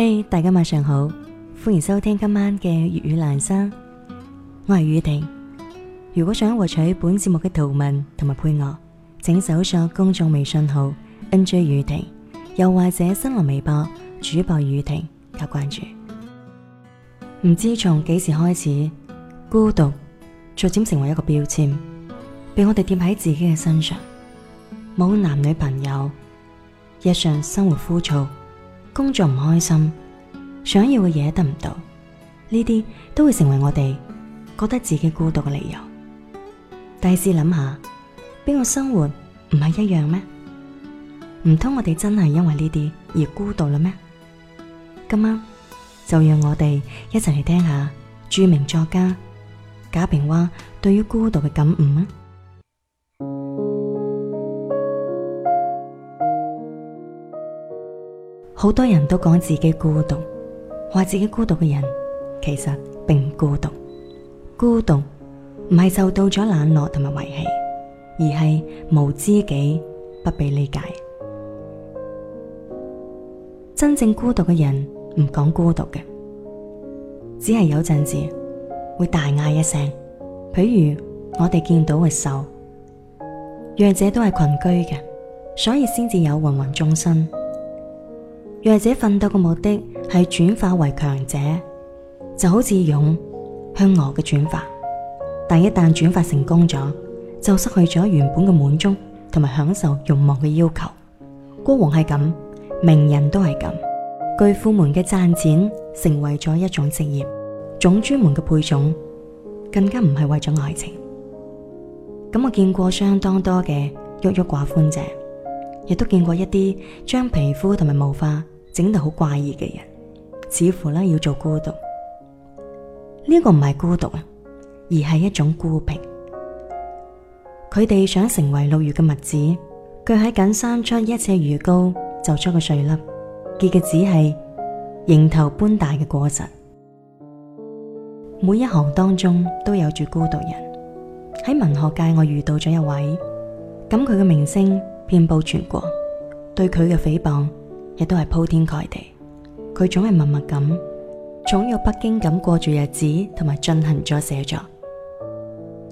誒，hey, 大家晚上好，歡迎收聽今晚嘅粵語男生，我係宇婷。如果想獲取本節目嘅圖文同埋配樂，請搜索公眾微信號 NJ 宇婷，又或者新浪微博主播宇婷加關注。唔知從幾時開始，孤獨逐漸成為一個標籤，俾我哋貼喺自己嘅身上，冇男女朋友，日常生活枯燥。工作唔開心，想要嘅嘢得唔到，呢啲都會成為我哋覺得自己孤獨嘅理由。但係試諗下，邊個生活唔係一樣咩？唔通我哋真係因為呢啲而孤獨啦咩？今晚就讓我哋一齊嚟聽下著,著名作家賈平凹對於孤獨嘅感悟好多人都講自己孤獨，話自己孤獨嘅人其實並唔孤獨，孤獨唔係受到咗冷落同埋遺棄，而係無知己不被理解。真正孤獨嘅人唔講孤獨嘅，只係有陣時會大嗌一聲。譬如我哋見到嘅獸，弱者都係群居嘅，所以先至有芸芸眾生。弱者奮鬥嘅目的係轉化為強者，就好似蛹向蛾嘅轉化。但一旦轉化成功咗，就失去咗原本嘅滿足同埋享受欲望嘅要求。國王係咁，名人都係咁，巨富們嘅賺錢成為咗一種職業，種豬們嘅配種更加唔係為咗愛情。咁我見過相當多嘅鬱鬱寡歡者。亦都見過一啲將皮膚同埋毛髮整得好怪異嘅人，似乎咧要做孤獨。呢個唔係孤獨啊，而係一種孤僻。佢哋想成為六月嘅麥子，佢喺僅長出一尺餘高就出個穗粒，結嘅只係蠅頭般大嘅果實。每一行當中都有住孤獨人。喺文學界，我遇到咗一位，咁佢嘅名聲。遍布全國，對佢嘅誹謗亦都係鋪天蓋地。佢總係默默咁，寵辱不驚咁過住日子，同埋進行咗寫作。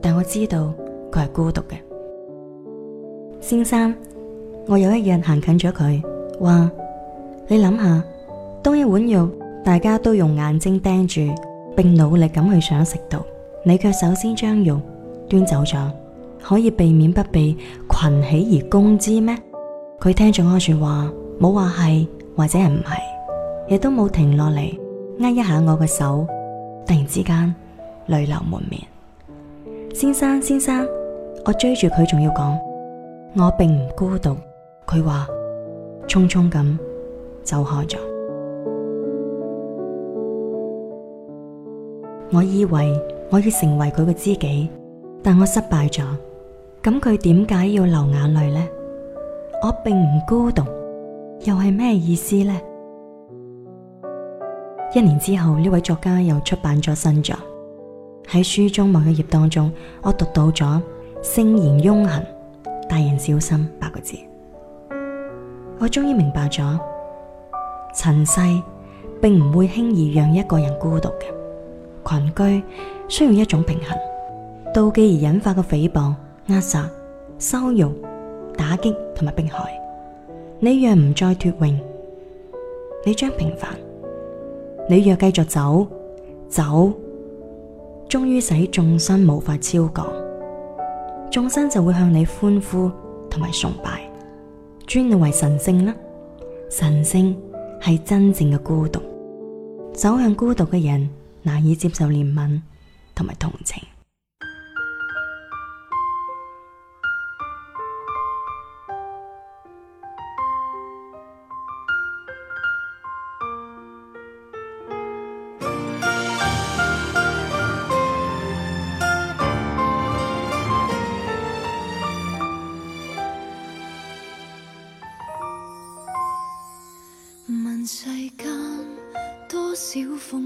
但我知道佢係孤獨嘅。先生，我有一日行近咗佢，話：你諗下，當一碗肉，大家都用眼睛盯住，並努力咁去想食到，你卻首先將肉端走咗，可以避免不被。群起而攻之咩？佢聽住我說話，冇話係或者係唔係，亦都冇停落嚟握一下我嘅手。突然之間，淚流滿面。先生，先生，我追住佢仲要講，我並唔孤獨。佢話，匆匆咁走開咗。我以為我要成為佢嘅知己，但我失敗咗。咁佢點解要流眼淚呢？我並唔孤獨，又係咩意思呢？一年之後，呢位作家又出版咗新作喺，書中某一頁當中，我讀到咗“聖賢庸行，大人小心”八個字。我終於明白咗，塵世並唔會輕易讓一個人孤獨嘅，群居需要一種平衡，妒忌而引發嘅誹謗，扼殺、羞辱、打擊同埋迫害，你若唔再脫穎，你將平凡；你若繼續走走，終於使眾生無法超過，眾生就會向你歡呼同埋崇拜，尊你為神聖啦。神聖係真正嘅孤獨，走向孤獨嘅人難以接受憐憫同埋同情。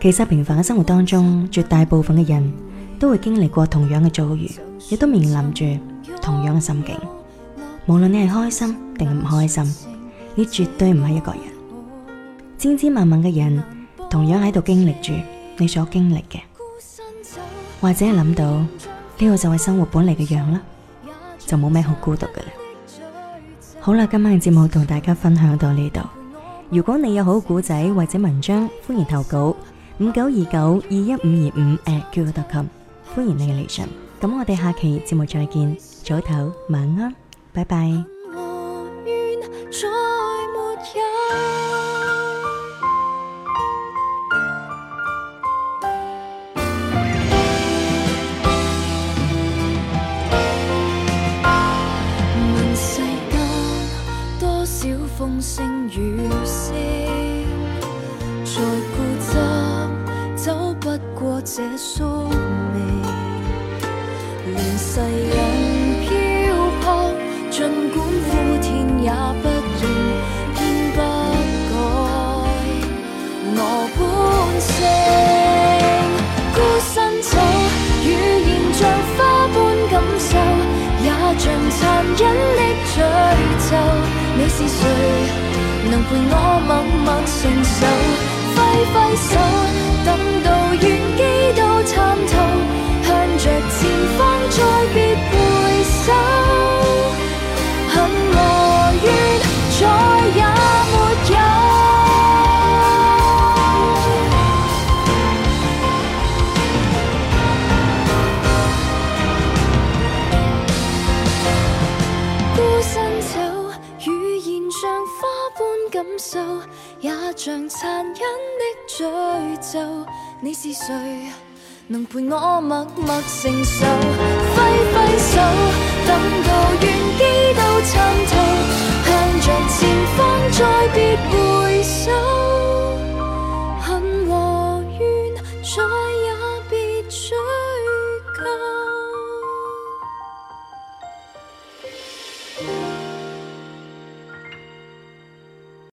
其實平凡嘅生活當中，絕大部分嘅人都會經歷過同樣嘅遭遇，亦都面臨住同樣嘅心境。無論你係開心定唔開心，你絕對唔係一個人。千千萬萬嘅人，同樣喺度經歷住你所經歷嘅，或者係諗到呢個就係生活本嚟嘅樣啦，就冇咩好孤獨嘅啦。好啦，今晚嘅節目同大家分享到呢度。如果你有好古仔或者文章，歡迎投稿。五九二九二一五二五，at call 特琴，歡迎你嘅來信，咁我哋下期節目再見，早唞，晚安，拜拜。這宿命，憐世人漂泊，盡管呼天也不應，偏不改我本性。 孤身走，語言像花般感受，也像殘忍的詛咒。你是誰？能陪我默默承受？也像殘忍的詛咒，你是誰？能陪我默默承受？揮揮手，等到怨機都沉透，向着前方再別。